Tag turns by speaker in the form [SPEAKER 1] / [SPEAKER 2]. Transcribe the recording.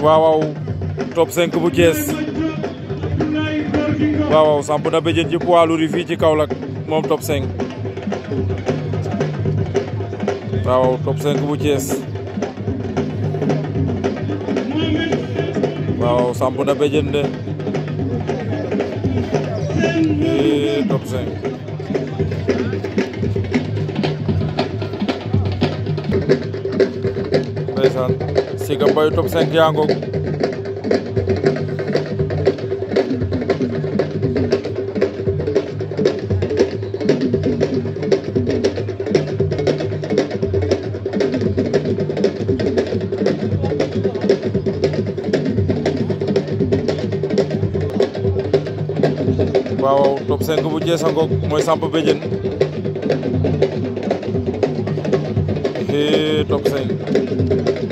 [SPEAKER 1] waaw waaw top 5 bu Thiès waaw waaw samp na béjjën ci poids lourd fii ci Kaolack moom top 5 waaw top 5 bu Thiès waaw samp na béjjën de eh, top 5 Siga Mbaye top 5 yaa ngoog waaw top 5 bu jeesa ngoog mooy samp béjjën top 5